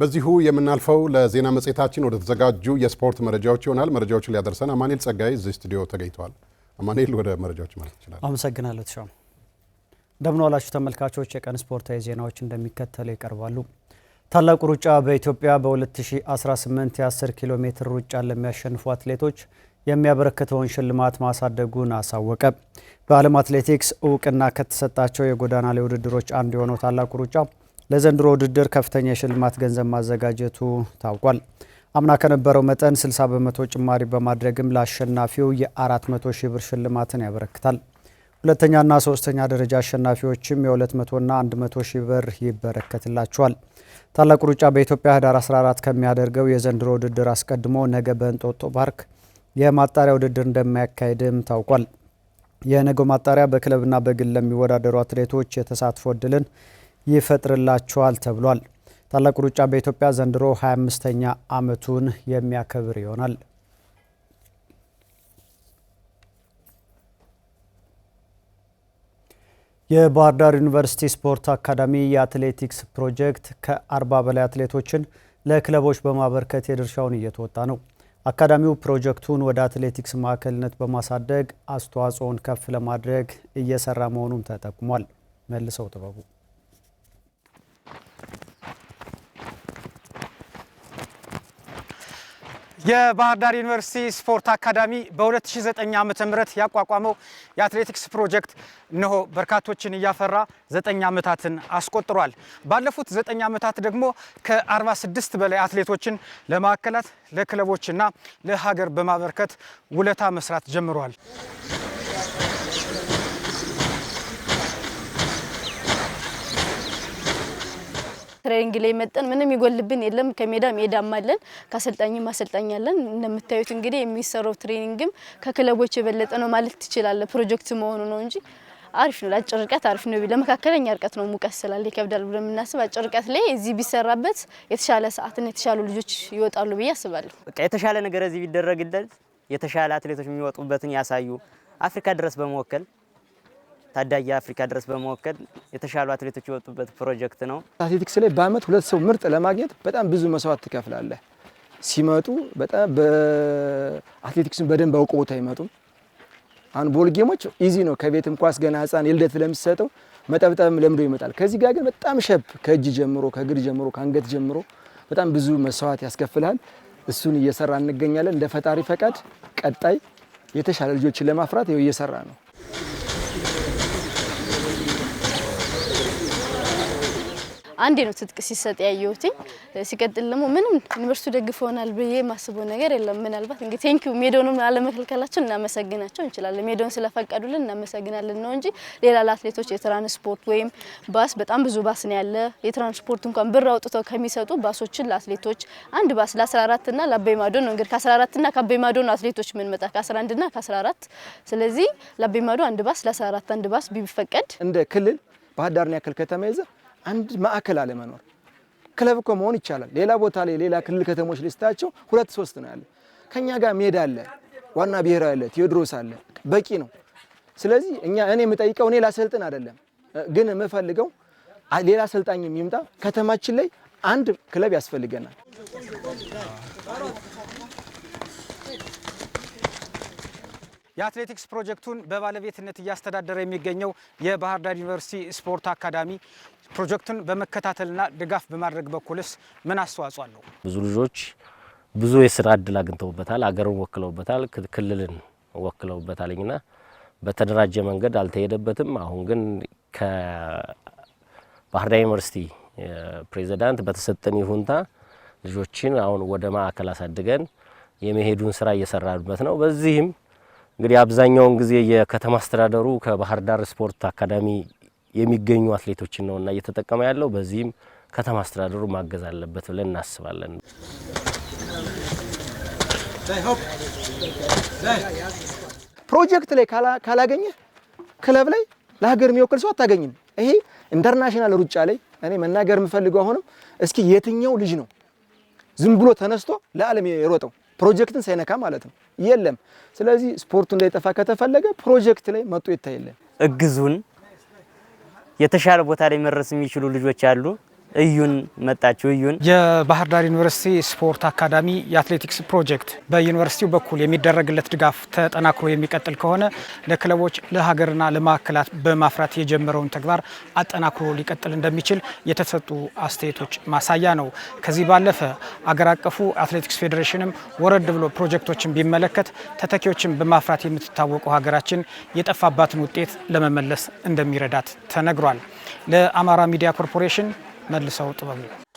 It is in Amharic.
በዚሁ የምናልፈው ለዜና መጽሔታችን ወደ ተዘጋጁ የስፖርት መረጃዎች ይሆናል። መረጃዎችን ሊያደርሰን አማኔል ጸጋይ እዚህ ስቱዲዮ ተገኝተዋል። አማኔል ወደ መረጃዎች ማለት ይችላል። አመሰግናለሁ ተሾም። እንደምን ዋላችሁ ተመልካቾች። የቀን ስፖርታዊ ዜናዎች እንደሚከተለው ይቀርባሉ። ታላቁ ሩጫ በኢትዮጵያ በ2018 የ10 ኪሎ ሜትር ሩጫን ለሚያሸንፉ አትሌቶች የሚያበረክተውን ሽልማት ማሳደጉን አሳወቀ። በዓለም አትሌቲክስ እውቅና ከተሰጣቸው የጎዳና ላይ ውድድሮች አንዱ የሆነው ታላቁ ሩጫ ለዘንድሮ ውድድር ከፍተኛ የሽልማት ገንዘብ ማዘጋጀቱ ታውቋል። አምና ከነበረው መጠን 60 በመቶ ጭማሪ በማድረግም ለአሸናፊው የ400 ሺህ ብር ሽልማትን ያበረክታል። ሁለተኛና ሶስተኛ ደረጃ አሸናፊዎችም የ200ና 100 ሺህ ብር ይበረከትላቸዋል። ታላቁ ሩጫ በኢትዮጵያ ህዳር 14 ከሚያደርገው የዘንድሮ ውድድር አስቀድሞ ነገ በእንጦጦ ፓርክ የማጣሪያ ውድድር እንደማያካሄድም ታውቋል። የነገው ማጣሪያ በክለብና በግል ለሚወዳደሩ አትሌቶች የተሳትፎ እድልን ይፈጥርላቸዋል ተብሏል። ታላቁ ሩጫ በኢትዮጵያ ዘንድሮ 25ኛ ዓመቱን የሚያከብር ይሆናል። የባህር ዳር ዩኒቨርሲቲ ስፖርት አካዳሚ የአትሌቲክስ ፕሮጀክት ከ40 በላይ አትሌቶችን ለክለቦች በማበርከት የድርሻውን እየተወጣ ነው። አካዳሚው ፕሮጀክቱን ወደ አትሌቲክስ ማዕከልነት በማሳደግ አስተዋጽኦን ከፍ ለማድረግ እየሰራ መሆኑም ተጠቁሟል። መልሰው ጥበቡ የባህር ዳር ዩኒቨርሲቲ ስፖርት አካዳሚ በ2009 ዓ ም ያቋቋመው የአትሌቲክስ ፕሮጀክት እነሆ በርካቶችን እያፈራ ዘጠኝ ዓመታትን አስቆጥሯል። ባለፉት ዘጠኝ ዓመታት ደግሞ ከ46 በላይ አትሌቶችን ለማዕከላት ለክለቦችና ለሀገር በማበርከት ውለታ መስራት ጀምሯል። ትሬኒንግ ላይ መጠን ምንም ይጎልብን የለም። ከሜዳ ሜዳም አለን፣ ከአሰልጣኝም አሰልጣኝ አለን። እንደምታዩት እንግዲህ የሚሰራው ትሬኒንግም ከክለቦች የበለጠ ነው ማለት ትችላለህ። ፕሮጀክት መሆኑ ነው እንጂ አሪፍ ነው። ለአጭር ርቀት አሪፍ ነው። ለመካከለኛ ርቀት ነው ሙቀት ስላለ ይከብዳል ብለን የምናስብ አጭር ርቀት ላይ እዚህ ቢሰራበት የተሻለ ሰዓትና የተሻሉ ልጆች ይወጣሉ ብዬ አስባለሁ። በቃ የተሻለ ነገር እዚህ ቢደረግለት የተሻለ አትሌቶች የሚወጡበትን ያሳዩ አፍሪካ ድረስ በመወከል ታዳጊ አፍሪካ ድረስ በመወከል የተሻሉ አትሌቶች የወጡበት ፕሮጀክት ነው። አትሌቲክስ ላይ በአመት ሁለት ሰው ምርጥ ለማግኘት በጣም ብዙ መስዋዕት ትከፍላለህ። ሲመጡ በጣም በአትሌቲክስን በደንብ አውቀውት አይመጡም። አሁን ቦል ጌሞች ኢዚ ነው። ከቤትም ኳስ ገና ህፃን የልደት ለሚሰጠው መጠብጠብም ለምዶ ይመጣል። ከዚህ ጋር ግን በጣም ሸብ ከእጅ ጀምሮ ከእግር ጀምሮ ከአንገት ጀምሮ በጣም ብዙ መስዋዕት ያስከፍልሃል። እሱን እየሰራ እንገኛለን። እንደ ፈጣሪ ፈቃድ ቀጣይ የተሻለ ልጆችን ለማፍራት ይኸው እየሰራ ነው። አንዴ ነው ትጥቅ ሲሰጥ ያየሁትኝ። ሲቀጥል ደግሞ ምንም ዩኒቨርሲቲ ደግፎናል ብዬ ማስበው ነገር የለም። ምናልባት እንግዲህ ቴንኪዩ ሜዶንም አለመከልከላቸው እናመሰግናቸው እንችላለን። ሜዶን ስለፈቀዱልን እናመሰግናለን ነው እንጂ ሌላ ለአትሌቶች የትራንስፖርት ወይም ባስ በጣም ብዙ ባስ ነው ያለ። የትራንስፖርት እንኳን ብር አውጥተው ከሚሰጡ ባሶችን ለአትሌቶች አንድ ባስ ለ14 እና ለአባይ ማዶ ነው እንግዲህ ከ14 እና ከአባይ ማዶ ነው አትሌቶች የምንመጣ ከ11 እና ከ14 ስለዚህ ለአባይ ማዶ አንድ ባስ ለ14 አንድ ባስ ቢፈቀድ እንደ ክልል ባህር ዳርን ያክል ከተማ ይዘ አንድ ማዕከል አለመኖር። ክለብ እኮ መሆን ይቻላል። ሌላ ቦታ ላይ ሌላ ክልል ከተሞች ሊስታቸው ሁለት ሶስት ነው ያለ። ከኛ ጋር ሜዳ አለ፣ ዋና ብሔራዊ አለ፣ ቴዎድሮስ አለ፣ በቂ ነው። ስለዚህ እኛ እኔ የምጠይቀው እኔ ላሰልጥን አይደለም፣ ግን የምፈልገው ሌላ አሰልጣኝ የሚምጣ ከተማችን ላይ አንድ ክለብ ያስፈልገናል። የአትሌቲክስ ፕሮጀክቱን በባለቤትነት እያስተዳደረ የሚገኘው የባህር ዳር ዩኒቨርሲቲ ስፖርት አካዳሚ ፕሮጀክቱን በመከታተልና ድጋፍ በማድረግ በኩልስ ምን አስተዋጽኦ አለው? ብዙ ልጆች ብዙ የስራ እድል አግኝተውበታል፣ አገርን ወክለውበታል፣ ክልልን ወክለውበታልኝና በተደራጀ መንገድ አልተሄደበትም። አሁን ግን ከባህር ዳር ዩኒቨርሲቲ ፕሬዚዳንት በተሰጠን ይሁንታ ልጆችን አሁን ወደ ማዕከል አሳድገን የመሄዱን ስራ እየሰራበት ነው። በዚህም እንግዲህ አብዛኛውን ጊዜ የከተማ አስተዳደሩ ከባህር ዳር ስፖርት አካዳሚ የሚገኙ አትሌቶችን ነው እና እየተጠቀመ ያለው። በዚህም ከተማ አስተዳደሩ ማገዝ አለበት ብለን እናስባለን። ፕሮጀክት ላይ ካላገኘ ክለብ ላይ ለሀገር የሚወክል ሰው አታገኝም። ይሄ ኢንተርናሽናል ሩጫ ላይ እኔ መናገር የምፈልገው አሁንም እስኪ የትኛው ልጅ ነው ዝም ብሎ ተነስቶ ለዓለም የሮጠው? ፕሮጀክትን ሳይነካ ማለት ነው የለም። ስለዚህ ስፖርቱ እንዳይጠፋ ከተፈለገ ፕሮጀክት ላይ መጥቶ ይታይልን፣ እግዙን። የተሻለ ቦታ ላይ መድረስ የሚችሉ ልጆች አሉ። እዩን መጣችሁ። እዩን የባህር ዳር ዩኒቨርሲቲ ስፖርት አካዳሚ የአትሌቲክስ ፕሮጀክት በዩኒቨርሲቲው በኩል የሚደረግለት ድጋፍ ተጠናክሮ የሚቀጥል ከሆነ ለክለቦች ለሀገርና ለማዕከላት በማፍራት የጀመረውን ተግባር አጠናክሮ ሊቀጥል እንደሚችል የተሰጡ አስተያየቶች ማሳያ ነው። ከዚህ ባለፈ አገር አቀፉ አትሌቲክስ ፌዴሬሽንም ወረድ ብሎ ፕሮጀክቶችን ቢመለከት ተተኪዎችን በማፍራት የምትታወቀው ሀገራችን የጠፋባትን ውጤት ለመመለስ እንደሚረዳት ተነግሯል። ለአማራ ሚዲያ ኮርፖሬሽን መልሰው ጥበብ ነው።